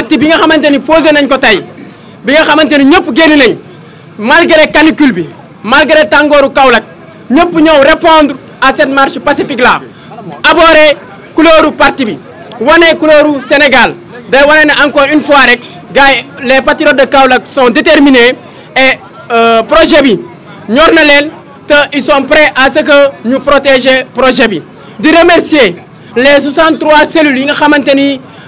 acte bi nga xamanteni ni posé nañ ko tay bi nga xamanteni ni ñëpp génn nañ malgré canicule bi malgré tangoru Kaolack ñëpp ñëw répondre à cette marche pacifique là aboré couleuru parti bi couleur couleuru Sénégal day wane né encore une fois rek gars les patriotes de Kaolack sont déterminés et euh, projet bi ñor na leen te ils sont prêts à ce que ñu protéger projet bi di remercier les 63 cellules yi nga xamanteni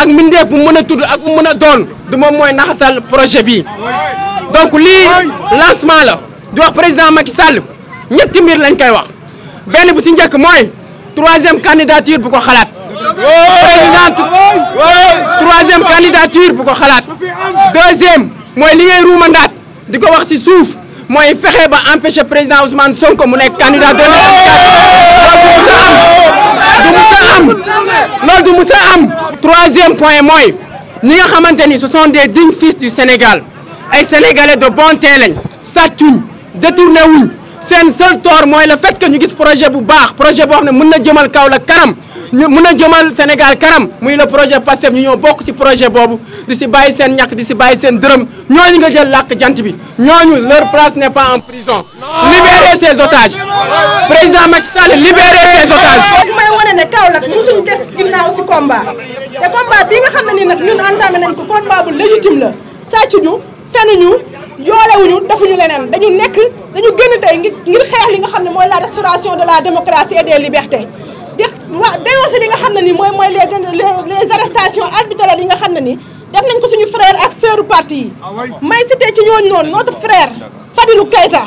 ak mbindeef bu mën a tudd ak bu mën a doon du moom mooy naxasal projet bi donc lii lancement la di wax président Macky Sall ñetti mbir lañ koy wax benn bu ci njëkk mooy troisième candidature bu ko xalaat président troisième candidature bu ko xalaat deuxième mooy li ngay ruumandaat di ko wax ci suuf mooy fexe ba empêcher président Ousmane Sonko mu nekk candidat 2024 du am troisième point moi, ni nga ce sont des dignes fils du Sénégal ay sénégalais de ça lañ détourne détourné C'est un seul tort moi. le fait que ñu gis projet bu baax projet pour nous, ne mën na jëmal Kaolack kanam ñu jëmal Sénégal Karam muy le projet passé, nous ñoo beaucoup ci projet boobu di ci Baye Sen ñàkk di ci nous seen dërëm ñooñu nga jël làkk jant bi leur place n'est pas en prison libérez ces otages président Macky Sall libérez ces otages wane ne Kaolack mosuñ des ginnaaw si combat te combat bi nga xam ne nii nag ñun entamé nañ ko combat bu légitime la sàccuñu fenuñu yoolewuñu defuñu leneen dañu nekk dañu génn tey ngir xeex li nga xam ne mooy la restauration de la démocratie et des libertés di waa li nga xam ne nii mooy mooy les les arrestations arbitraires yi nga xam ne nii def nañ ko suñu frère ak sœur parti yi ah may cité ci ñooñu noonu notre frère Fadilou Keïta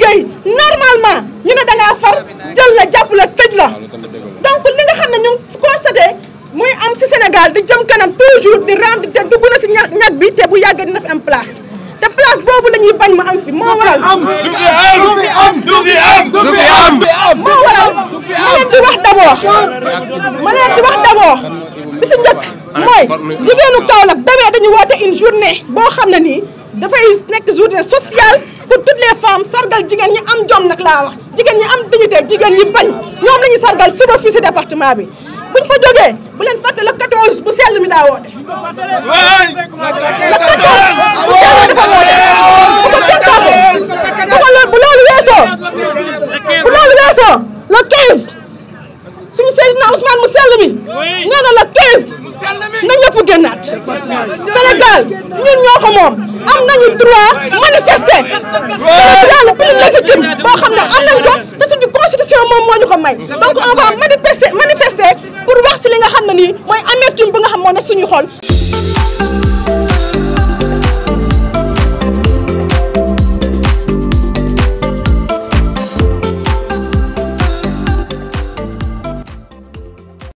normalement ñu ne da nga far jël la japp la tej la donc li nga xamné ñu constaté am Sénégal di jëm kanam toujours di rendre bi bu fi am place té place bobu la bañ ma am fi mo waral. am du fi am du fi am di wax une journée journée sociale. pour toutes les femmes sargal jigéen ñi am jom nag laa wax jigéen ñi am dignité jigéen ñi bañ ñoom la sargal suba fii bi buñ fa jógee bu leen fàtte le 14 bu sell mi daa woote. le 14 bu sell dafa woote bu ko kenn topp bu ko loolu weesoo. na ñëpp génnaat Sénégal ñun ñoo ko moom am nañu droit manifester Sénégal plus légitime boo xam ne am nañ ko te suñu constitution moom moo ñu ko may donc on va manifester pour wax ci li nga xam ne nii mooy amertume bu nga xam moo ne suñu xol